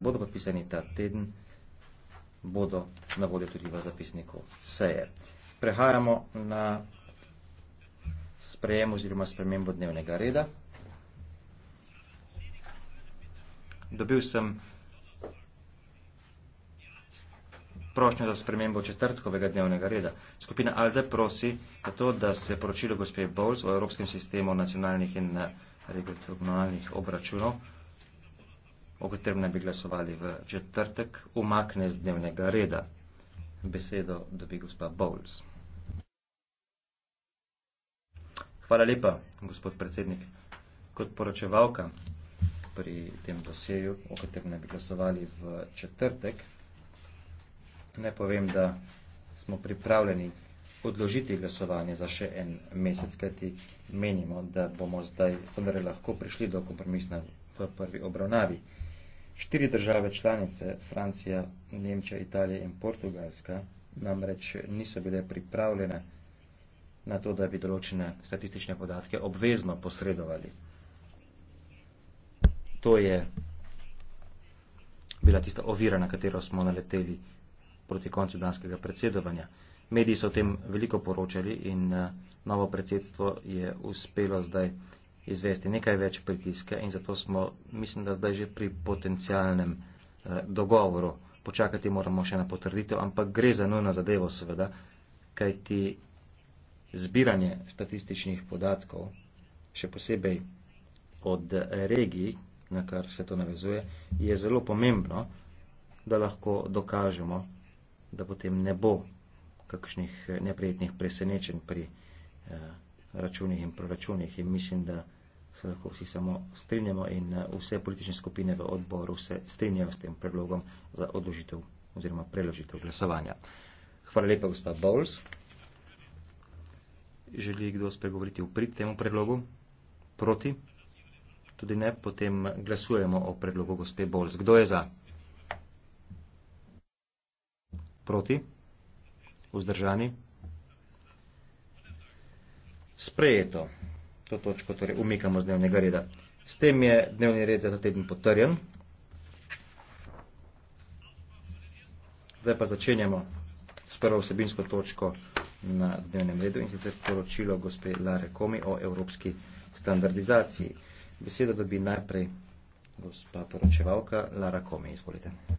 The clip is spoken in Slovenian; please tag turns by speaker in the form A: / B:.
A: bodo podpisani ta teden, bodo na voljo tudi v zapisniku seje. Prehajamo na sprejem oziroma spremembo dnevnega reda. Dobil sem prošnjo za spremembo četrtkovega dnevnega reda. Skupina ALDE prosi za to, da se poročilo gospe Bowles o evropskem sistemu nacionalnih in regionalnih obračunov o katerem ne bi glasovali v četrtek, umakne z dnevnega reda. Besedo dobi gospa Bowles. Hvala lepa, gospod predsednik. Kot poročevalka pri tem dosjeju, o katerem ne bi glasovali v četrtek, ne povem, da smo pripravljeni odložiti glasovanje za še en mesec, kajti menimo, da bomo zdaj vendarle lahko prišli do kompromisna v prvi obravnavi. Štiri države članice, Francija, Nemčija, Italija in Portugalska, namreč niso bile pripravljene na to, da bi določene statistične podatke obvezno posredovali. To je bila tista ovira, na katero smo naleteli proti koncu danskega predsedovanja. Mediji so o tem veliko poročali in eh, novo predsedstvo je uspelo zdaj izvesti nekaj več pritiska in zato smo, mislim, da zdaj že pri potencialnem eh, dogovoru. Počakati moramo še na potrditev, ampak gre za nujno zadevo, seveda, kajti zbiranje statističnih podatkov, še posebej od eh, regij, na kar se to navezuje, je zelo pomembno, da lahko dokažemo, da potem ne bo kakšnih eh, neprijetnih presenečenj pri eh, računih in proračunih in mislim, da se lahko vsi samo strinjamo in eh, vse politične skupine v odboru se strinjajo s tem predlogom za odložitev oziroma preložitev glasovanja. Hvala lepa, gospa Bowles. Želi kdo spregovoriti v prid temu predlogu? Proti? Tudi ne, potem glasujemo o predlogu gospe Bowles. Kdo je za? Proti? Vzdržani? Sprejeto. To točko torej umikamo z dnevnega reda. S tem je dnevni red za ta teden potrjen. Zdaj pa začenjamo s prvo vsebinsko točko na dnevnem redu in sicer poročilo gospe Lare Komi o evropski standardizaciji. Besedo dobi najprej gospa poročevalka Lara Komi. Izvolite.